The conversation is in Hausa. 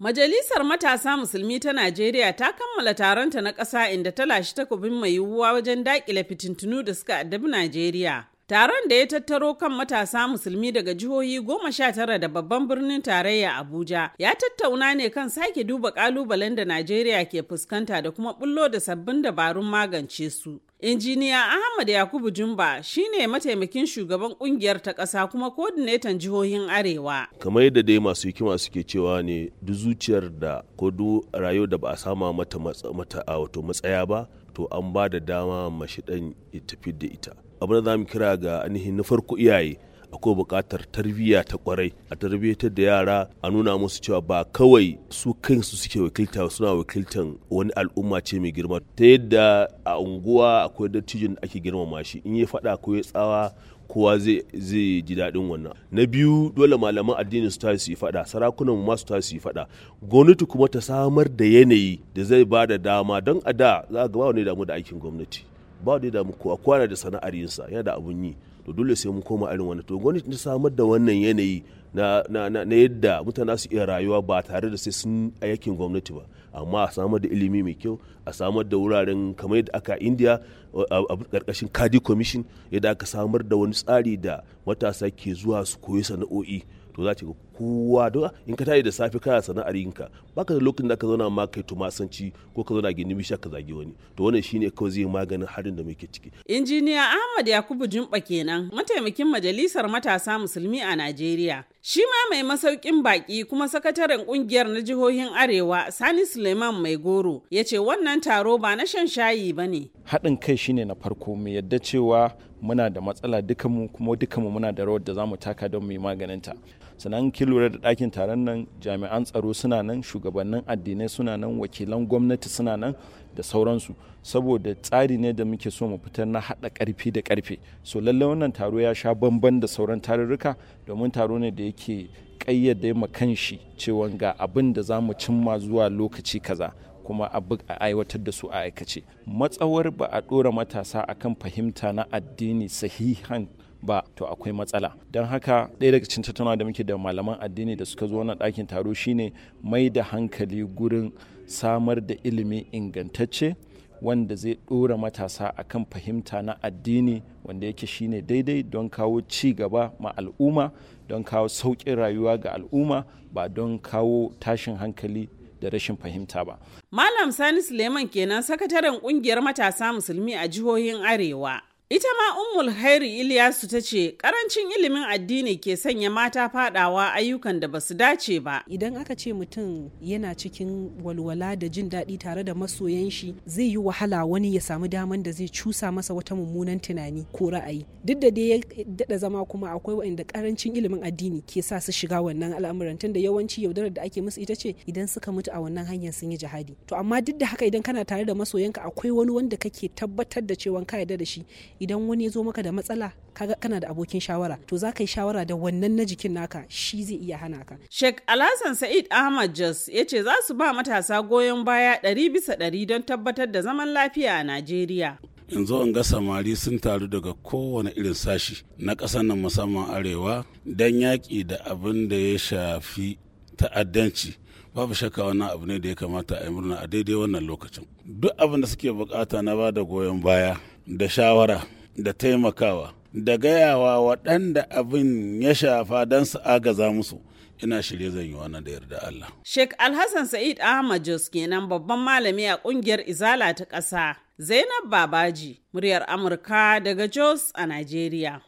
Majalisar Matasa Musulmi ta Najeriya ta kammala taronta na ƙasa inda ta lashe takobin mai yiwuwa wajen daƙile fitintunu da suka addabi Najeriya. Taron da ya tattaro kan matasa musulmi daga jihohi goma sha tara da babban birnin tarayya Abuja ya tattauna ne kan sake duba kalubalen da Najeriya ke fuskanta da kuma bullo da sabbin dabarun magance su. Injiniya Ahmad Yakubu Jumba shine mataimakin shugaban kungiyar ta ƙasa kuma kodinetan jihohin Arewa. Kamar yadda dai masu hikima suke cewa ne duk zuciyar da ko duk rayo da ba a sama mata mata wato matsaya ba to an ba da dama mashi ɗan ya tafi da ita. abin da za mu kira ga ainihin na farko iyaye akwai buƙatar tarbiyya ta kwarai a tarbiyyar da yara a nuna musu cewa ba kawai su kansu suke wakilta suna wakiltan wani al'umma ce mai girma ta yadda a unguwa akwai dattijin da ake girmama shi in ya faɗa ko ya tsawa kowa zai ji daɗin wannan na biyu dole malaman addini su tashi su yi faɗa sarakunan mu masu tashi su yi faɗa gwamnati kuma ta samar da yanayi da zai ba da dama don a da za a gaba wani damu da aikin gwamnati ba da damu kowa kwana da sana'ar yinsa yana da abun yi to dole sai mun koma irin wani to gwamnati ta samar da wannan yanayi na yadda mutane su iya rayuwa ba tare da sai sun a yakin gwamnati ba amma a samar da ilimi mai kyau a samar da wuraren kamar yadda aka india a karkashin kadi commission yadda aka samar da wani tsari da matasa ke zuwa su koyi sana'o'i to za ta ga kowa da in ka tashi da safe kana sana'ar yinka baka da lokacin da ka zauna ma kai tumasanci ko ka zauna gini bisha ka zagi wani to wannan shine kawai zai maganin harin da muke ciki injiniya ahmad yakubu jumba kenan mataimakin majalisar matasa musulmi a najeriya shi ma mai masaukin baki kuma sakataren kungiyar na jihohin arewa sanis Suleiman Mai Goro ya ce wannan taro ba na shan shayi ba ne. haɗin kai shine na farko mu yadda cewa muna da matsala dukanmu kuma dukanmu muna da rawar da za mu taka don mu yi maganinta sannan kin lura da ɗakin taron nan jami'an tsaro suna nan shugabannin addinai suna nan wakilan gwamnati suna nan da sauransu saboda tsari ne da muke so mu fitar na haɗa ƙarfi da ƙarfe so lallai wannan taro ya sha bamban da sauran tarurruka domin taro ne da yake ƙayyade ma kanshi cewa ga abin da za mu cimma zuwa lokaci kaza kuma a aiwatar da su a aikace matsawar ba a ɗora matasa akan fahimta na addini sahihan ba to akwai matsala don haka ɗaya daga cikin tattauna da muke da malaman addini da suka zo na ɗakin taro shine mai da hankali gurin samar da ilimi ingantacce wanda zai ɗora matasa akan fahimta na addini wanda yake shine daidai don kawo ci gaba ma al'umma don kawo sauƙin rayuwa ga al'umma ba don kawo tashin hankali da rashin fahimta ba. Malam Sani Suleiman kenan sakataren kungiyar matasa musulmi a jihohin Arewa. Ita ma Ummul Khairu Ilyasu ta ce karancin ilimin addini ke sanya mata fadawa ayyukan da basu dace ba. Idan aka ce mutum yana cikin walwala da jin daɗi tare da masoyan shi zai yi wahala wani ya samu daman da zai cusa masa wata mummunan tunani ko ra'ayi. Duk da dai ya daɗa zama kuma akwai waɗanda karancin ilimin addini ke sa su shiga wannan al'amuran tunda yawanci yaudarar da ake musu ita ce idan suka mutu a wannan hanyar sun yi jihadi. To amma duk da haka idan kana tare da masoyanka akwai wani wanda kake tabbatar da cewa ka yarda da shi idan wani ya zo maka da matsala kaga kana da abokin shawara to za ka yi shawara da wannan na jikin naka shi zai iya hana ka. Sheikh Alhassan Sa'id Ahmad Jos ya ce za su ba matasa goyon baya ɗari bisa ɗari don tabbatar da zaman lafiya a Najeriya. yanzu an ga samari sun taru daga kowane irin sashi na ƙasar nan musamman arewa don yaƙi da abin da ya shafi ta'addanci babu shakka wannan abu ne da ya kamata a yi murna a daidai wannan lokacin duk abin da suke bukata na ba da goyon baya da shawara da taimakawa da gayawa waɗanda abin ya shafa don su agaza musu ina shirye zan yi wani da yarda Allah. Sheikh Alhassan Sa'id Ahmad Jos kenan babban malami a ƙungiyar Izala ta ƙasa. Zainab Babaji, muryar Amurka daga Jos a Najeriya.